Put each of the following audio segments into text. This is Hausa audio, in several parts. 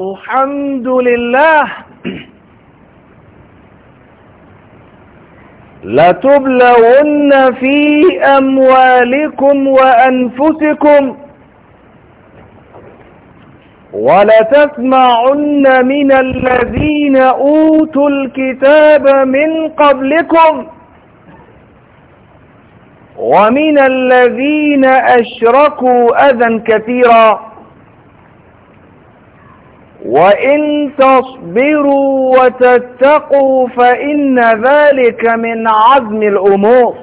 الحمد لله لتبلغن في أموالكم وأنفسكم ولتسمعن من الذين أوتوا الكتاب من قبلكم ومن الذين أشركوا أذى كثيراً وإن تصبروا وتتقوا فإن ذلك من عزم الأمور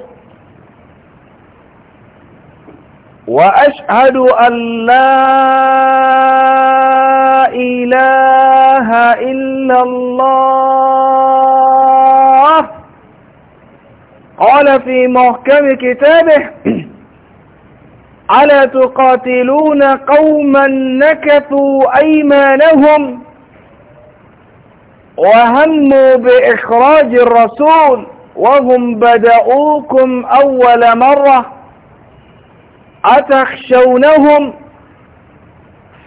وأشهد أن لا إله إلا الله قال في محكم كتابه ألا تقاتلون قوما نكثوا أيمانهم وهموا بإخراج الرسول وهم بدأوكم أول مرة أتخشونهم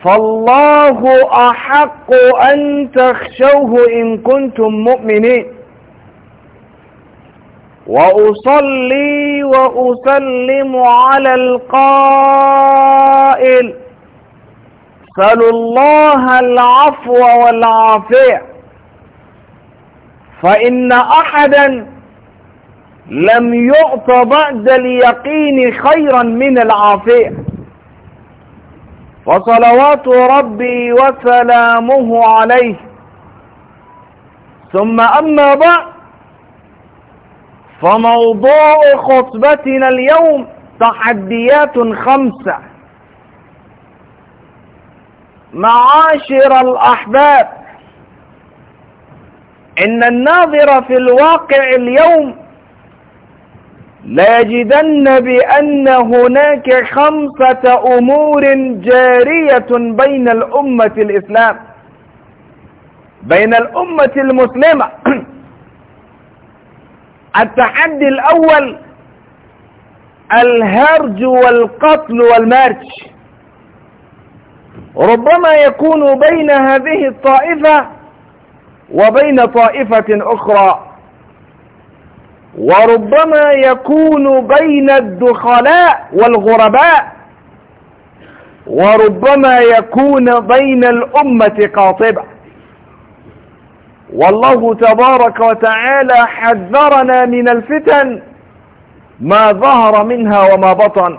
فالله أحق أن تخشوه إن كنتم مؤمنين وأصلي وأسلم على القائل سلوا الله العفو والعافية فإن أحدا لم يعط بعد اليقين خيرا من العافية وصلوات ربي وسلامه عليه ثم أما بعد فموضوع خطبتنا اليوم تحديات خمسة معاشر الأحباب إن الناظر في الواقع اليوم ليجدن بأن هناك خمسة أمور جارية بين الأمة الإسلام بين الأمة المسلمة التحدي الأول الهرج والقتل والمرج ربما يكون بين هذه الطائفة وبين طائفة أخرى وربما يكون بين الدخلاء والغرباء وربما يكون بين الأمة قاطبة والله تبارك وتعالى حذرنا من الفتن ما ظهر منها وما بطن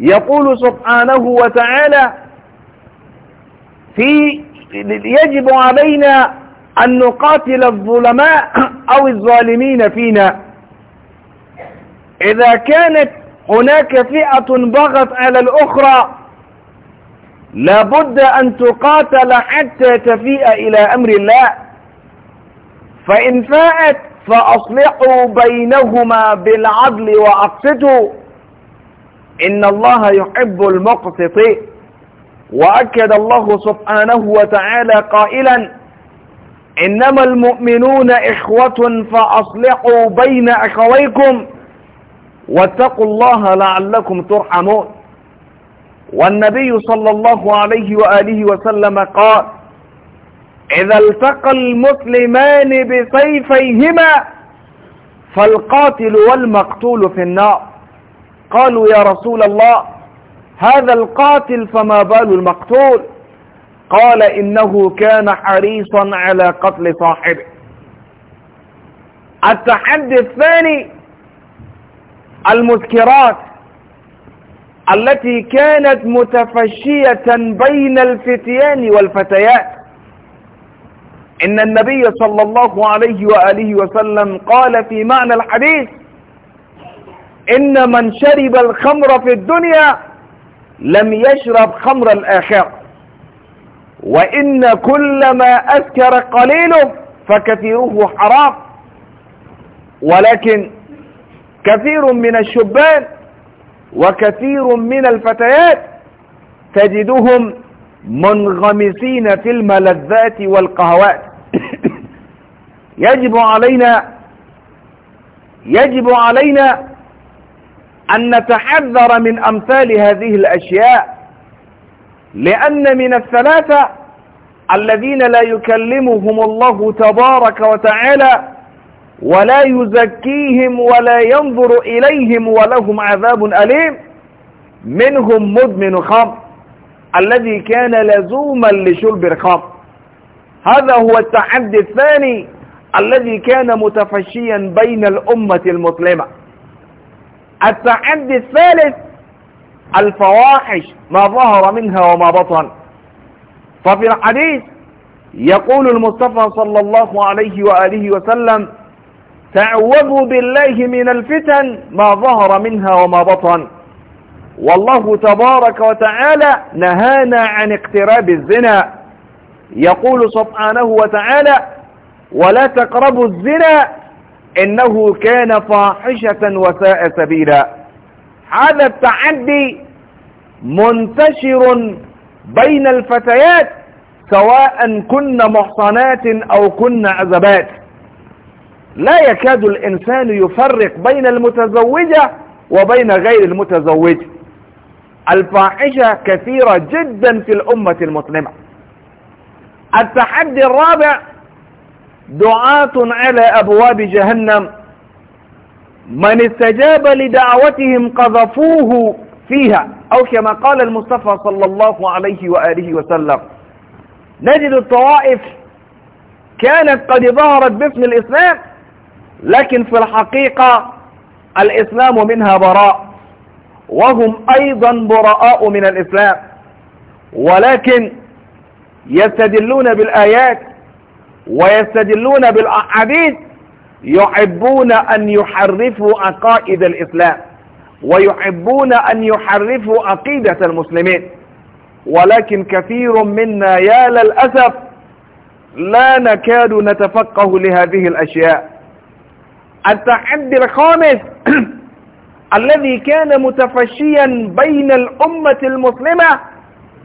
يقول سبحانه وتعالى في يجب علينا أن نقاتل الظلماء أو الظالمين فينا إذا كانت هناك فئة بغت على الأخرى لابد أن تقاتل حتى تفيء إلى أمر الله فإن فاءت فأصلحوا بينهما بالعدل وأقسطوا إن الله يحب المقسطين وأكد الله سبحانه وتعالى قائلا إنما المؤمنون إخوة فأصلحوا بين أخويكم واتقوا الله لعلكم ترحمون والنبي صلى الله عليه وآله وسلم قال إذا التقى المسلمان بسيفيهما فالقاتل والمقتول في النار قالوا يا رسول الله هذا القاتل فما بال المقتول قال إنه كان حريصا على قتل صاحبه التحدي الثاني المذكرات التي كانت متفشية بين الفتيان والفتيات إن النبي صلى الله عليه وآله وسلم قال في معنى الحديث إن من شرب الخمر في الدنيا لم يشرب خمر الآخرة وإن كلما أسكر قليله فكثيره حرام ولكن كثير من الشبان وكثير من الفتيات تجدهم منغمسين في الملذات والقهوات يجب علينا يجب علينا أن نتحذر من أمثال هذه الأشياء لأن من الثلاثة الذين لا يكلمهم الله تبارك وتعالى ولا يزكيهم ولا ينظر إليهم ولهم عذاب أليم منهم مدمن خمر الذي كان لزوما لشرب الخمر هذا هو التحدي الثاني الذي كان متفشيا بين الأمة المسلمة التحدي الثالث الفواحش ما ظهر منها وما بطن ففي الحديث يقول المصطفى صلى الله عليه وآله وسلم تعوذوا بالله من الفتن ما ظهر منها وما بطن والله تبارك وتعالى نهانا عن اقتراب الزنا يقول سبحانه وتعالى ولا تقربوا الزنا إنه كان فاحشة وساء سبيلا هذا التعدي منتشر بين الفتيات سواء كن محصنات أو كن عزبات لا يكاد الإنسان يفرق بين المتزوجة وبين غير المتزوجة الفاحشة كثيرة جدا في الأمة المسلمة التحدي الرابع دعاة على أبواب جهنم من استجاب لدعوتهم قذفوه فيها أو كما قال المصطفى صلى الله عليه وآله وسلم نجد الطوائف كانت قد ظهرت باسم الإسلام لكن في الحقيقة الإسلام منها براء وهم أيضا براء من الإسلام ولكن يستدلون بالآيات ويستدلون بالأحاديث يحبون أن يحرفوا عقائد الإسلام ويحبون أن يحرفوا عقيدة المسلمين ولكن كثير منا يا للأسف لا نكاد نتفقه لهذه الأشياء التحدي الخامس الذي كان متفشيا بين الأمة المسلمة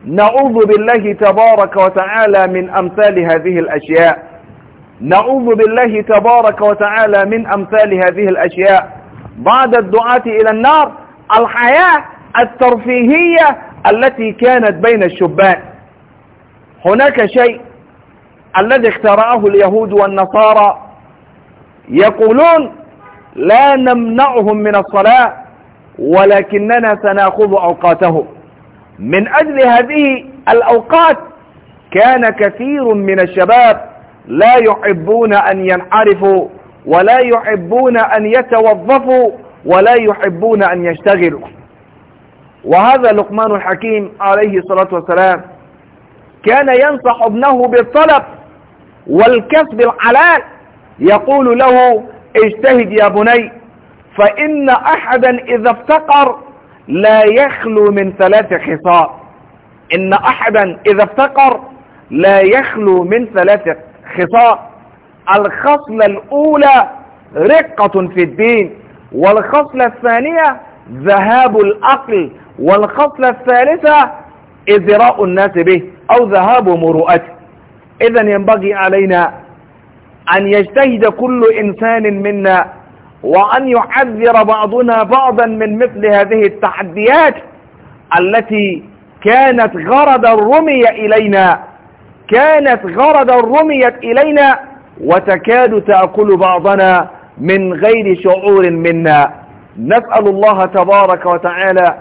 نعوذ بالله تبارك وتعالى من أمثال هذه الأشياء نعوذ بالله تبارك وتعالى من أمثال هذه الأشياء بعد الدعاة إلى النار الحياة الترفيهية التي كانت بين الشبان هناك شيء الذي اخترعه اليهود والنصارى يقولون لا نمنعهم من الصلاة ولكننا سنأخذ أوقاتهم من أجل هذه الأوقات كان كثير من الشباب لا يحبون أن ينعرفوا ولا يحبون أن يتوظفوا ولا يحبون أن يشتغلوا وهذا لقمان الحكيم عليه الصلاة والسلام كان ينصح ابنه بالطلب والكسب الحلال يقول له اجتهد يا بني فإن أحدا إذا افتقر لا يخلو من ثلاث خصال إن أحدا إذا افتقر لا يخلو من ثلاث خصال الخصلة الأولى رقة في الدين والخصلة الثانية ذهاب الأقل والخصلة الثالثة إذراء الناس به أو ذهاب مرؤته إذا ينبغي علينا أن يجتهد كل إنسان منا وأن يعذر بعضنا بعضا من مثل هذه التحديات التي كانت غرضا رمي إلينا كانت غرضا رميت إلينا وتكاد تأكل بعضنا من غير شعور منا نسأل الله تبارك وتعالى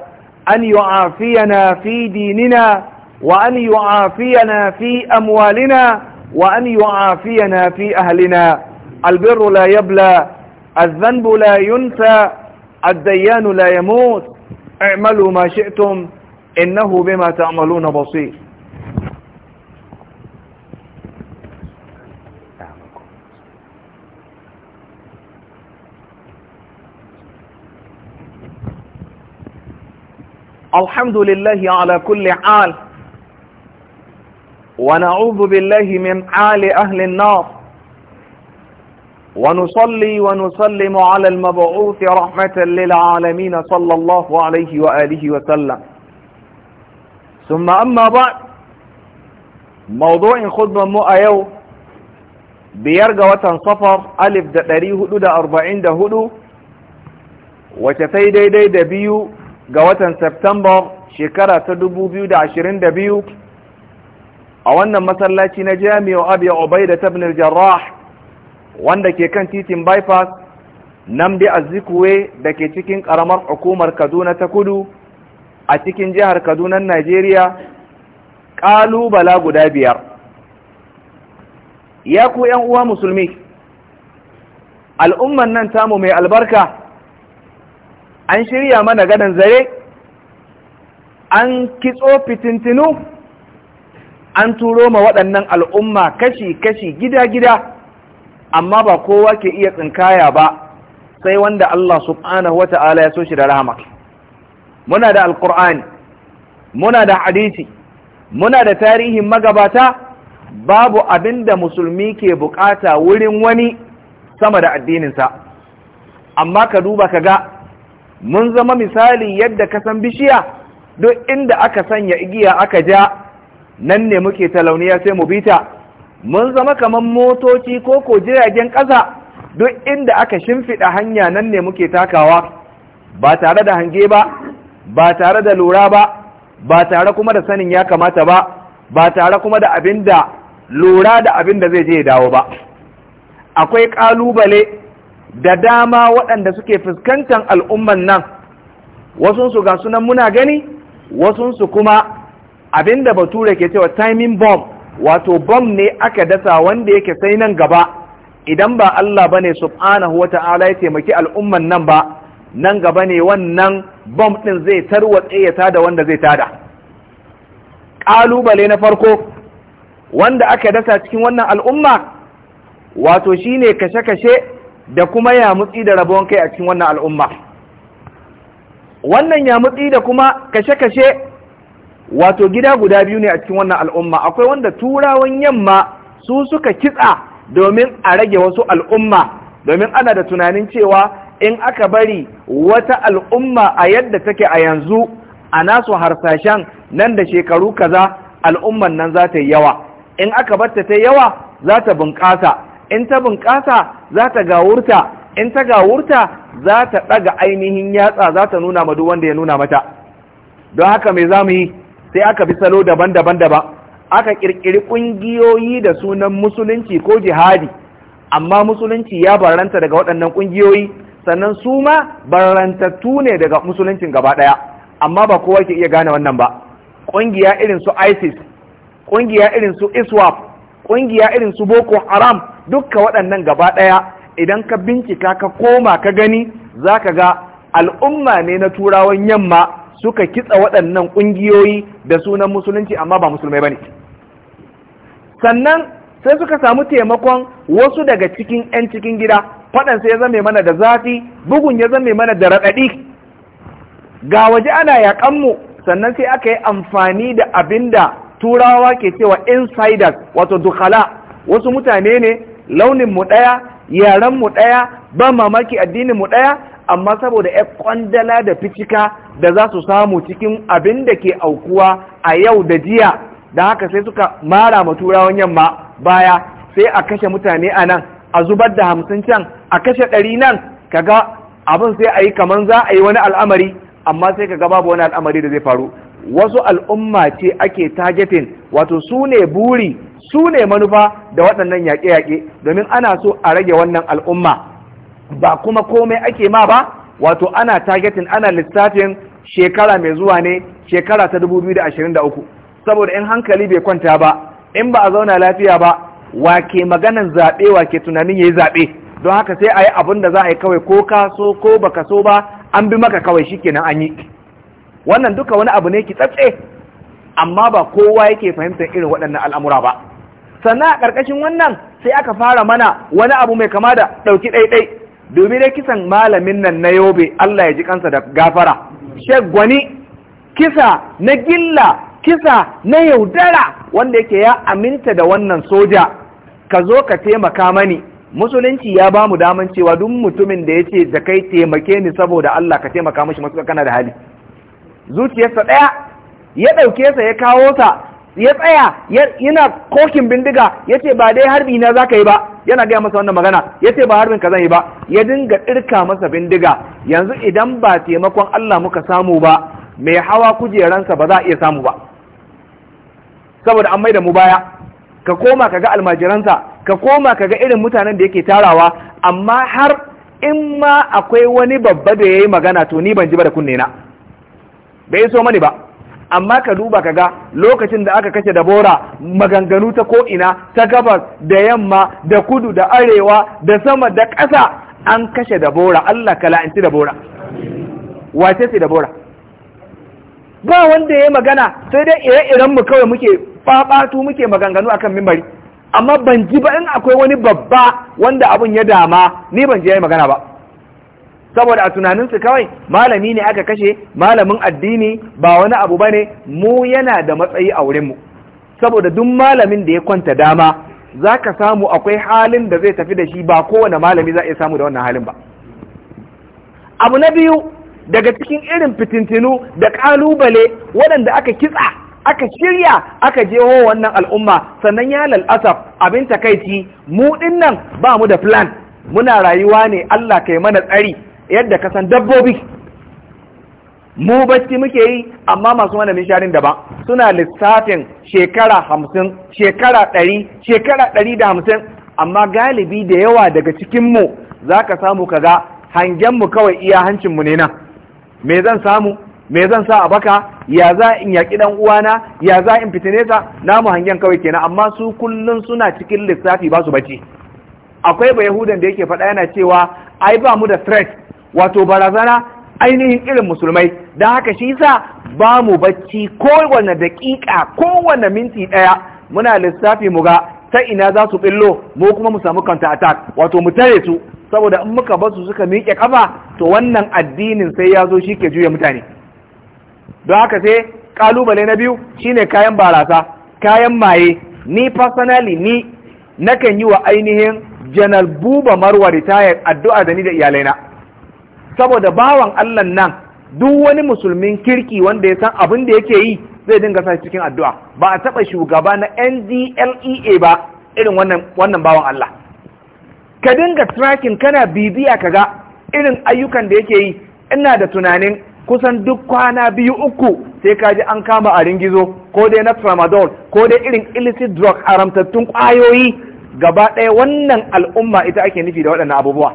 أن يعافينا في ديننا وأن يعافينا في أموالنا وأن يعافينا في أهلنا البر لا يبلى الذنب لا ينسى الديان لا يموت اعملوا ما شئتم إنه بما تعملون بصير الحمد لله على كل حال ونعوذ بالله من حال أهل النار ونصلي ونسلم على المبعوث رحمة للعالمين صلى الله عليه وآله وسلم ثم أما بعد موضوع خدمة مؤيو بيرجى صفر ألف هدو دا أربعين دهدو وشتي دي دي دبيو جواتا سبتمبر شكرة تدبو بيو دا عشرين دبيو a wannan masallaci na jami'a abu ya obai da jarrah wanda ke kan titin bypass nan bi zikuwe da ke cikin karamar hukumar kaduna ta kudu a cikin jihar kaduna najeriya ƙalubala guda biyar ya ku yan uwa musulmi al'umman nan tamu mai albarka an shirya mana gadon zare an kitso fitintinu an turo ma waɗannan al'umma kashi-kashi gida-gida amma ba kowa ke iya tsinkaya ba sai wanda Allah subhanahu wa ta'ala ya so shi da rahama muna da alkur'ani muna da hadisi muna da tarihin magabata babu abin da musulmi ke bukata wurin wani sama da addininsa amma ka duba ka ga mun zama misali yadda ka san bishiya duk inda aka sanya igiya aka ja nan ne muke talauniya sai mu bita mun zama kaman motoci ko ko jiragen ƙasa duk inda aka shimfiɗa hanya nan ne muke takawa ba tare da hange ba ba tare da lura ba ba tare kuma da sanin ya kamata ba ba tare kuma da abin da lura da abin da zai je ya dawo ba akwai ƙalubale da dama waɗanda suke fuskantar al'umman nan wasunsu ga sunan muna gani wasunsu kuma abinda bature ke cewa timing bomb wato bomb ne aka dasa wanda yake sai nan gaba idan ba Allah bane subhanahu wata'ala ya taimaki al'umman nan ba nan gaba ne wannan bomb din zai tarwatse ya tada wanda zai tada kalubale na farko wanda aka dasa cikin wannan al'umma wato shine kashe-kashe da kuma ya yamutsi da rabon kai a cikin wannan al'umma wannan ya mutsi da kuma kashe-kashe wato gida guda biyu ne a cikin wannan al'umma akwai wanda turawan yamma su suka kitsa domin a rage wasu al'umma domin ana da tunanin cewa in aka bari wata al'umma a yadda take a yanzu a nasu harsashen nan da shekaru kaza al'umman nan za ta yi yawa in aka batta ta yawa za ta bunƙasa in ta bunƙasa za ta gawurta in ta gawurta za ta ɗaga ainihin yatsa za ta nuna ma duk wanda ya nuna mata don haka me za mu yi sai aka bi salo daban-daban daban aka kirkiri kungiyoyi da sunan musulunci ko jihadi amma musulunci ya baranta daga waɗannan kungiyoyi sannan su ma barantattu ne daga musuluncin gaba ɗaya amma ba kowa ke iya gane wannan ba ƙungiya irin su isis ƙungiya irin su iswap ƙungiya irin su boko haram dukka waɗannan gaba ɗaya idan ka bincika ka koma ka gani za ka ga al'umma ne na turawan yamma suka kitsa waɗannan ƙungiyoyi da sunan musulunci amma ba musulmai ba ne sannan sai suka samu taimakon wasu daga cikin 'yan cikin gida faɗan faɗansa ya zame mana da zafi bugun ya zame mana da raɗaɗi ga waje ana yaƙanmu sannan sai aka yi amfani da abin da turawa ke cewa insiders wato dukala wasu mutane ne launin mu ɗaya yaren mu ɗaya ban mamaki addinin mu ɗaya amma saboda ya kwandala da ficika da za su samu cikin abin da ke aukuwa a yau da jiya da haka sai suka mara ma turawan yamma baya sai a kashe mutane a nan a zubar da hamsin can a kashe ɗari nan kaga abin sai a yi kamar za a yi wani al'amari amma sai ka kaga babu wani al'amari da zai faru wasu al'umma ce ake targeting wato su ne buri su ne manufa da waɗannan yaƙe-yaƙe domin ana so a rage wannan al'umma ba kuma komai ake ma ba wato ana targeting ana lissafin shekara mai zuwa ne shekara ta 2023 saboda in hankali bai kwanta ba in ba a zauna lafiya ba wake maganan zaɓe wake tunanin ya yi zaɓe don haka sai a yi abin da za a yi kawai ko ka so ko ba ka so ba an bi maka kawai shi kenan an yi wannan duka wani abu ne ki tsatse amma ba kowa yake fahimtar irin waɗannan al'amura ba sannan a ƙarƙashin wannan sai aka fara mana wani abu mai kama da ɗauki ɗaiɗai domin da kisan malamin nan na yobe Allah ya ji kansa da gafara shek gwani kisa na gilla kisa na yaudara wanda yake ya aminta da wannan soja ka zo ka taimaka mani musulunci ya ba mu daman cewa duk mutumin da ya ce da kai taimake ni saboda Allah ka taimaka mashi masu kana da hali zuciyarsa ɗaya ya ɗauke sa ya kawo sa ya tsaya yana kokin bindiga ya ce ba dai harbi na za ka yi ba yana gaya masa wannan magana ya ce ba harbin kazan yi ba ya dinga ɗirka masa bindiga yanzu idan ba taimakon Allah muka samu ba mai hawa kujeransa ba za a iya samu ba saboda an da mu baya ka koma ka ga almajiransa ka koma ka ga irin mutanen da yake tarawa amma har in ma akwai wani babba da ya yi magana to ni ban ji ba da kunne na bai so mani ba amma ka duba ka ga lokacin da aka kashe da bora maganganu ta ko'ina ta gabas da yamma da kudu da arewa da sama da ƙasa an kashe da bora. Allah ka la'anci da bora. wace ce bora? ba wanda ya magana sai dai ire-iren mu kawai muke fafatu muke maganganu akan mimbari amma ban ji ba in akwai wani babba wanda abun ya dama ni ban je ya yi magana ba saboda a tunaninsu kawai malami ne aka kashe malamin addini ba wani abu bane mu yana da matsayi a wurinmu saboda duk malamin da ya kwanta dama za ka samu akwai halin da zai tafi da shi ba kowane malami za a iya samu da wannan halin ba abu na biyu daga cikin irin fitintinu da kalubale waɗanda aka kitsa aka shirya aka jeho wannan al'umma sannan ya lalasaf abin takaici mu nan ba mu da plan muna rayuwa ne Allah kai mana tsari yadda ka san dabbobi mu bacci muke yi amma masu wani misharin ba suna lissafin shekara hamsin shekara ɗari shekara ɗari da hamsin amma galibi da yawa daga cikinmu za ka samu kaga hangenmu kawai iya hancinmu ne nan me zan samu me zan sa a baka ya za in yaƙi ɗan uwana ya za in fitine sa namu hangen kawai kenan amma su kullum suna cikin lissafi ba su bacci akwai ba yahudan da yake faɗa yana cewa ai ba mu da threat wato barazana ainihin irin musulmai don haka shi sa ba mu bacci kowane daƙiƙa kowane minti ɗaya muna lissafi mu ga ta ina za su billo mu kuma mu samu kanta attack wato mu tare su saboda in muka basu suka miƙe kafa to wannan addinin sai ya zo shi ke juya mutane don haka sai ƙalubale na biyu shine kayan barasa kayan maye ni personally ni nakan yi wa ainihin janar buba marwa ritaya addu'a da ni da iyalaina saboda bawan Allah nan duk wani musulmin kirki wanda ya san abin da yake yi zai dinga sa cikin addu'a ba a taɓa shugaba na NDLEA ba irin wannan bawan Allah ka dinga tracking kana bibiya ga irin ayyukan da yake yi ina da tunanin kusan duk kwana biyu uku sai ka ji an kama a ringizo ko dai na tramadol ko dai irin illicit drug haramtattun kwayoyi gaba ɗaya wannan al'umma ita ake nufi da waɗannan abubuwa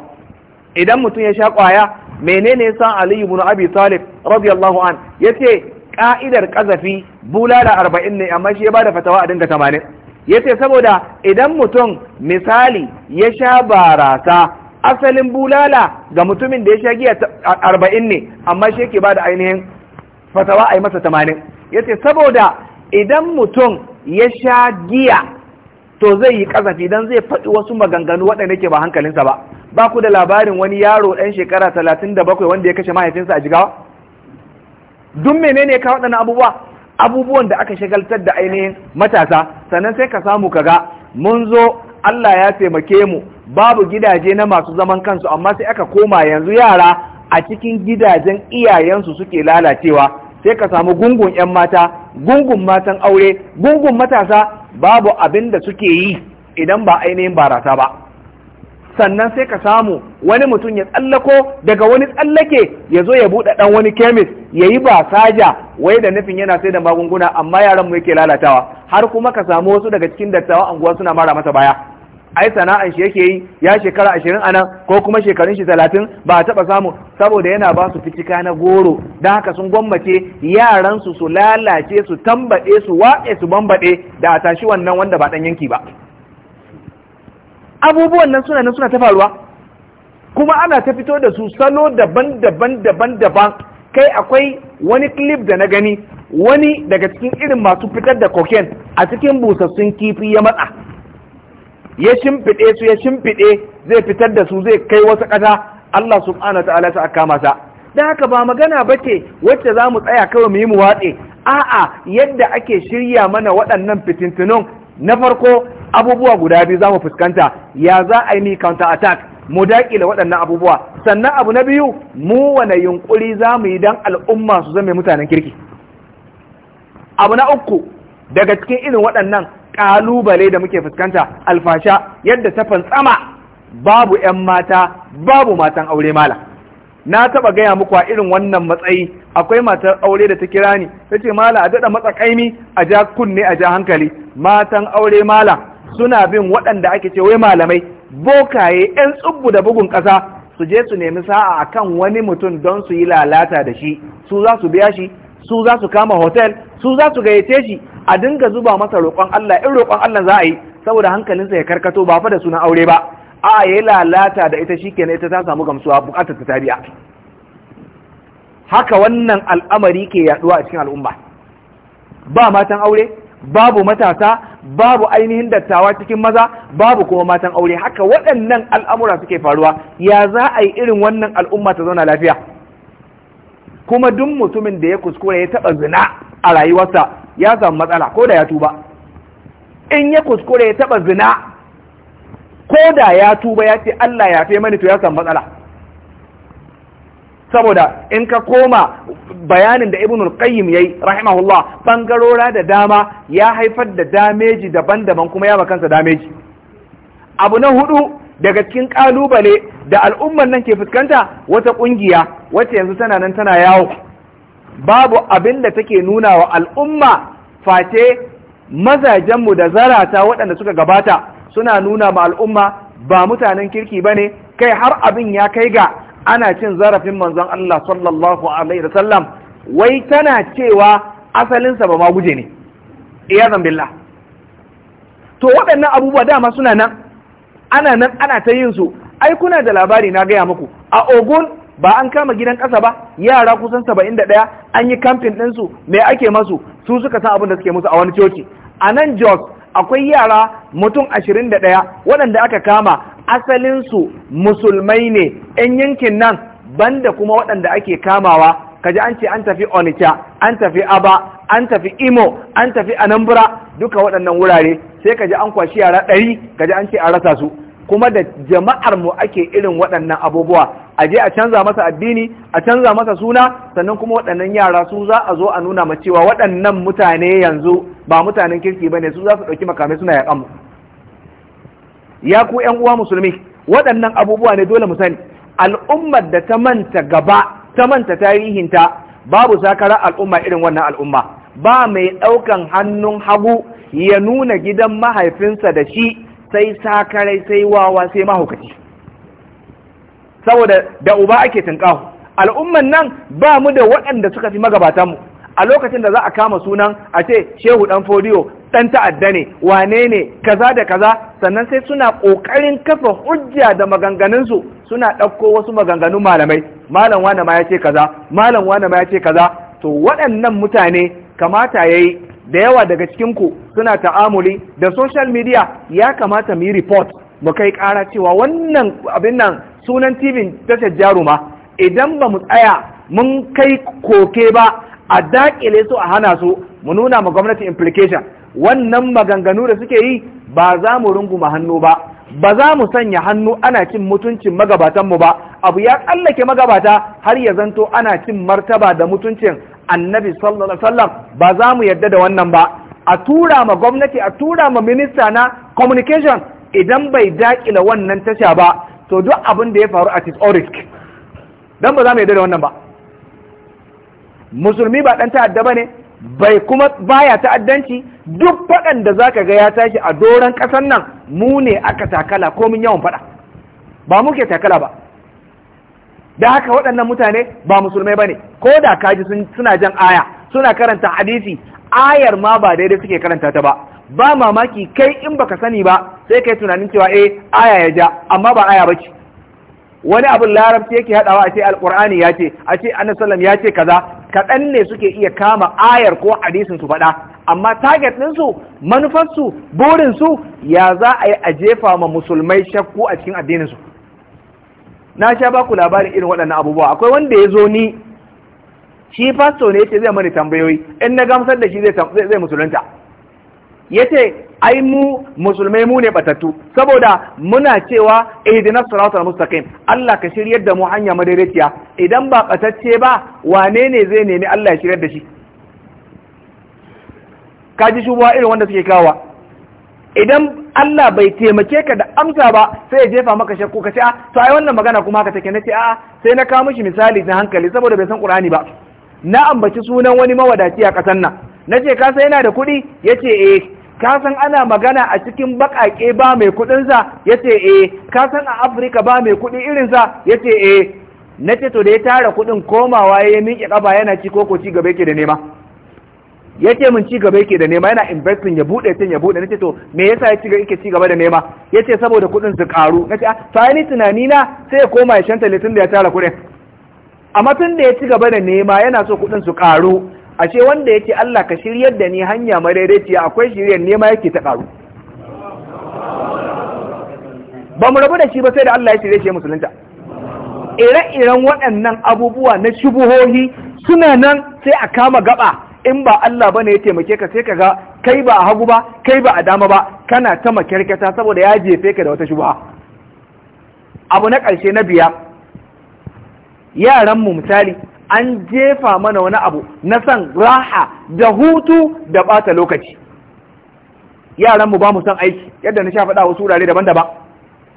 idan mutum ya sha kwaya menene yasa Ali ibn Abi Talib radiyallahu an yace ka'idar kazafi bulala arba'in ne amma shi ya bada fatawa a dinga tamanin. yace saboda idan mutum misali ya sha barasa asalin bulala ga mutumin da ya sha giya arba'in ne amma shi yake bada ainihin fatawa a yi masa tamanin. yace saboda idan mutum ya sha giya to zai yi kazafi dan zai faɗi wasu maganganu waɗanda ke ba hankalinsa ba ba ku da labarin wani yaro ɗan shekara talatin da bakwai wanda ya kashe mahaifinsa a jigawa duk menene ya kawo waɗannan abubuwa abubuwan da aka shagaltar da ainihin matasa sannan sai ka samu ka ga, mun zo Allah ya taimake mu babu gidaje na masu zaman kansu amma sai aka koma yanzu yara a cikin gidajen iyayensu suke lalacewa sai ka samu gungun 'yan mata gungun matan aure gungun matasa babu abin da suke yi idan ba ainihin barasa ba sannan sai ka samu wani mutum ya tsallako daga wani tsallake ya zo ya buɗe ɗan wani kemis ya yi ba saja wai da nufin yana sai da magunguna amma yaran mu yake lalatawa har kuma ka samu wasu daga cikin dattawa anguwa suna mara masa baya ai sana'an shi yake yi ya shekara ashirin anan ko kuma shekarun shi talatin ba a taɓa samu saboda yana ba su fitika na goro don haka sun gwammace yaransu su lalace su tambaɗe su waɗe, su bambaɗe da a tashi wannan wanda ba ɗan yanki ba abubuwan nan suna nan suna ta faruwa kuma ana ta fito da su salo daban-daban daban-daban kai akwai wani clip da na gani wani daga cikin irin masu fitar da cocaine a cikin busassun kifi ya matsa ya shimfiɗe su ya shimfiɗe zai fitar da su zai kai wasu ƙasa Allah subhanahu ta'ala ta kama sa dan haka ba magana bace wacce za mu tsaya kawai mu yi mu watse a'a yadda ake shirya mana waɗannan fitintunun na farko abubuwa guda biyu za mu fuskanta ya za a yi mi counter attack mu daƙile waɗannan abubuwa sannan abu na biyu mu wane yunkuri za mu yi don al'umma su zame mutanen kirki abu na uku daga cikin irin waɗannan ƙalubale da muke fuskanta alfasha yadda ta fantsama babu 'yan mata babu matan aure mala na taɓa gaya muku a irin wannan matsayi akwai matar aure da ta kira ni ta ce mala a daɗa matsakaimi a ja kunne a ja hankali matan aure mala suna bin waɗanda ake ce wai malamai bokaye 'yan tsubbu da bugun ƙasa su je su nemi sa'a a kan wani mutum don su yi lalata da shi su za su biya shi su za su kama hotel su za su gayyace shi a dinga zuba masa roƙon Allah in roƙon Allah za a yi saboda hankalinsa ya karkato ba fa da sunan aure ba a ya lalata da ita shi kenan ita ta samu gamsuwa bukatar ta biya haka wannan al'amari ke yaduwa a cikin al'umma ba matan aure babu matasa babu ainihin dattawa cikin maza babu kuma matan aure haka waɗannan al'amura suke faruwa ya za a yi irin wannan al'umma ta zauna lafiya kuma duk mutumin da ya kuskure ya taɓa zina a rayuwarsa ya samu matsala ko da ya tuba in ya kuskure ya taɓa zina ko da ya tuba ya ce Allah ya fi mani to ya samu matsala saboda in ka koma bayanin da ibn ya qayyim yayi rahimahullah bangarora da dama ya haifar da dameji daban-daban kuma ya ba kansa dameji abu na hudu daga cikin kalubale da al'ummar nan ke fuskanta wata kungiya wacce yanzu tana nan tana yawo babu abin da take nuna wa al'umma face mazajenmu da zarata waɗanda suka gabata suna nuna ma al'umma ba mutanen kirki bane kai har abin ya kai ga ana cin zarafin manzon Allah sallallahu alaihi wasallam wai tana cewa asalinsa ba ma guje ne iyazan billah to waɗannan abubuwa dama suna nan ana nan ana ta yin su ai kuna da labari na gaya muku a ogun ba an kama gidan ƙasa ba yara kusan saba'in da ɗaya an yi kamfin ɗinsu me ake masu su suka san abin da suke musu a wani coci a nan jos akwai yara mutum ashirin da ɗaya waɗanda aka kama asalinsu musulmai ne 'yan yankin nan banda kuma waɗanda ake kamawa kaji an ce an tafi onitsha an tafi aba an tafi imo an tafi anambra duka waɗannan wurare sai kaji an kwashi yara ɗari kaji an ce a rasa su kuma da jama'ar mu ake irin waɗannan abubuwa a je a canza masa addini a canza masa suna sannan kuma waɗannan yara su za a zo a nuna ma cewa waɗannan mutane yanzu ba mutanen kirki ba ne su za su ɗauki makamai suna yaƙan mu ya ku yan uwa musulmi waɗannan abubuwa ne dole mu sani al'ummar da ta manta gaba ta manta tarihinta babu sakara al'umma irin wannan al'umma ba mai ɗaukan hannun hagu ya nuna gidan mahaifinsa da shi sai sakarai sai wawa sai mahaukaci saboda da uba ake tunƙahu al'umman nan ba mu da waɗanda suka fi magabatanmu a lokacin da za a kama sunan a ce shehu ɗan fodiyo ɗan ta'adda ne wane ne kaza da kaza sannan sai suna ƙoƙarin kafa hujja da maganganunsu suna ɗauko wasu maganganun malamai malam wane ma ya ce kaza malam wane ma ya ce kaza to waɗannan mutane kamata ya yi da yawa daga cikinku suna ta'amuli da social media ya kamata mu yi report mu kai ƙara cewa wannan abin nan sunan tv tashar jaruma idan ba mu tsaya mun kai koke ba a daƙile su a hana su mu nuna ma gwamnati implication wannan maganganu da suke yi ba za mu runguma hannu ba ba za mu sanya hannu ana cin mutuncin magabatanmu ba abu ya tsallake magabata har ya zanto ana cin martaba da mutuncin annabi sallallahu alaihi wasallam ba za mu yadda da wannan ba a tura ma gwamnati a tura ma minista na communication idan bai dakila wannan tasha ba to duk abin da ya faru a tisorisk dan ba za mu yadda da wannan ba musulmi ba ɗan ta'adda ba ne. bai kuma baya ta'addanci duk faɗan da zaka ga ya tashi a doron ƙasar nan mu ne aka takala komin yawan faɗa ba muke takala ba da haka waɗannan mutane ba musulmai ba ne ko da kaji suna jan aya suna karanta hadisi ayar ma ba daidai suke karanta ta ba ba mamaki kai in baka sani ba sai kai tunanin cewa eh aya ya ja amma ba aya ba ce wani abin larabci yake haɗawa a ce alƙur'ani ya ce a ce ya ce kaza kaɗan ne suke iya kama ayar ko hadisin su faɗa amma target ɗinsu manufarsu burinsu ya za a yi a jefa ma musulmai shakku a cikin addininsu na sha ba ku labarin irin waɗannan abubuwa akwai wanda ya zo ni shi fasto ne yace zai mani tambayoyi in na gamsar da shi zai musulunta Ya ce, ai mu musulmai mu ne batattu saboda muna cewa ihdinas siratal mustaqim Allah ka shiryar da mu hanya madaidaiciya idan ba batacce ba wane ne zai nemi Allah ya shiryar da shi Ka ji shubuwa irin wanda suke kawa idan Allah bai taimake ka da amsa ba sai ya jefa maka shakku ka ce a ah, to ai wannan magana kuma ka take nace a ah, sai na kawo mishi misali na hankali saboda bai san Qur'ani ba na ambaci sunan wani mawadaci a kasan nan nace ka sai yana da kuɗi yace eh ka san ana magana a cikin bakake ba mai kuɗinsa? Ya ce eh ka san a Afirka ba mai kuɗi irinsa? Ya ce eh na ce to da ya tara kuɗin komawa ya miƙe ƙaba, yana ci koko ci gaba yake da nema ya ce min ci gaba yake da nema yana investing ya buɗe tun ya buɗe na ce to me yasa ya ci yake ci gaba da nema ya ce saboda kuɗin su ƙaru na ce ah, to tsayani tunani na sai ya koma ya shanta litin da ya tara kuɗin amma tun da ya ci gaba da nema yana so kuɗin su ƙaru A ashe wanda yake Allah ka shiryar da ni hanya madaidaiciya akwai shiryar nema yake ta karu ba mu rabu da shi ba sai da Allah ya shirye shi musulunta ire-iren waɗannan abubuwa na shubuhohi suna nan sai a kama gaba in ba Allah ne ya taimake ka sai ka ga kai ba a hagu ba kai ba a dama ba kana ta makyarkata saboda ya jefe ka da wata shubuha abu na ƙarshe na biya yaran mu misali an jefa mana wani abu na san raha da hutu da bata lokaci yaran mu ba mu san aiki yadda na sha faɗa wasu daban-daban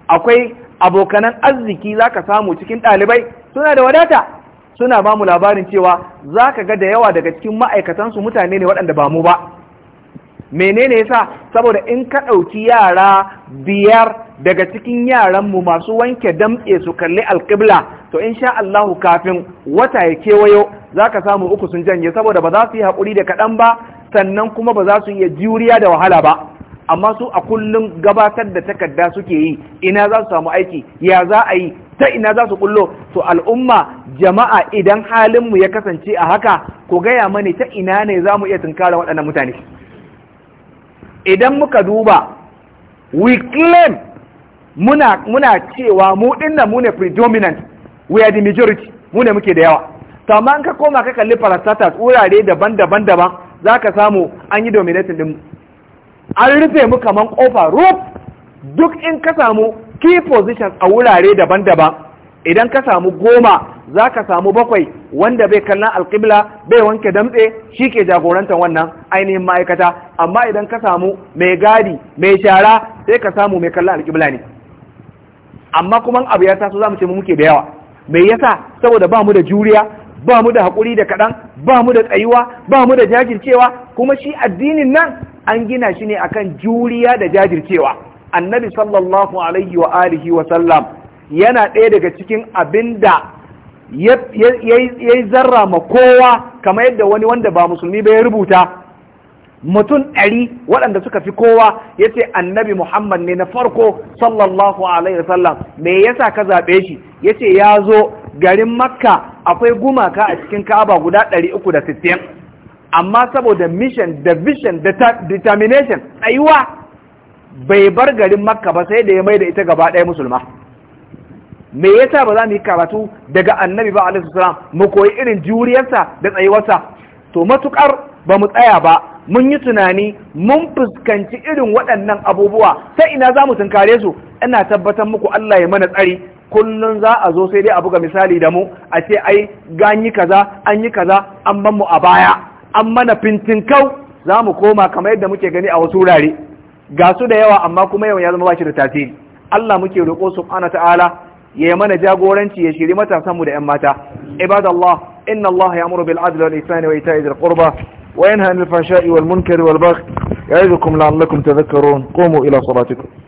akwai abokanan arziki za ka samu cikin ɗalibai suna da wadata suna ba mu labarin cewa za ka ga da yawa daga cikin ma'aikatansu mutane ne waɗanda ba mu ba menene yasa saboda in ka ɗauki yara biyar daga cikin yaranmu masu wanke damɗe su kalli alƙibla to in sha Allahu kafin wata ya kewayo za ka samu uku sun janye saboda ba za su yi haƙuri da kaɗan ba sannan kuma ba za su iya juriya da wahala ba amma su a kullum gabatar da takarda suke yi ina za su samu aiki ya za a yi ta ina za su kullo to al'umma jama'a idan halinmu ya kasance a haka ko gaya mani ta ina ne za mu iya tunkara waɗannan mutane idan muka duba we claim muna, cewa mu ɗin mu ne predominant we are the majority mu ne muke da yawa to amma an ka koma ka kalli parastatus wurare daban-daban daban za ka samu an yi dominating din an rufe mu kaman kofa roof duk in ka samu key positions a wurare daban-daban idan ka samu goma za ka samu bakwai wanda bai kallon alƙibla bai wanke damtse shi ke jagorantar wannan ainihin ma'aikata amma idan ka samu mai gadi mai shara sai ka samu mai kallon alƙibla ne amma kuma abu ya taso za mu ce mu muke da yawa Mai yasa saboda ba mu da juriya ba mu da haƙuri da kaɗan ba mu da tsayuwa ba mu da jajircewa kuma shi addinin nan an gina shi ne akan juriya da jajircewa annabi sallallahu alaihi wa alihi wa sallam yana ɗaya daga cikin abin da ya yi zarra ma kowa kamar yadda wani wanda ba musulmi ba ya rubuta mutum ɗari waɗanda suka fi kowa ya ce annabi muhammad ne na farko sallallahu alaihi wasallam me yasa ka zaɓe shi ya ce ya zo garin makka akwai gumaka a cikin ka'aba guda ɗari uku da sittin amma saboda mission da vision da determination tsayuwa bai bar garin makka ba sai da ya mai da ita gaba ɗaya musulma me yasa ba za mu yi karatu daga annabi ba alaihi mu koyi irin juriyarsa da tsayuwarsa to matukar ba mu tsaya ba mun yi tunani mun fuskanci irin waɗannan abubuwa sai ina za mu tunkare su ina tabbatar muku Allah ya mana tsari kullum za a zo sai dai a buga misali da mu a ce ai ganyi kaza an yi kaza an ban mu a baya an mana fintinkau za mu koma kamar yadda muke gani a wasu wurare ga su da yawa amma kuma yawan ya zama ba shi da tasiri Allah muke roƙo subhana ta'ala ya yi mana jagoranci ya shiri mu da 'yan mata ibadallah inna Allah ya'muru bil adli wal ihsani wa ita'i dhil qurba وينهى عن الفحشاء والمنكر والبغي يعظكم لعلكم تذكرون قوموا إلى صلاتكم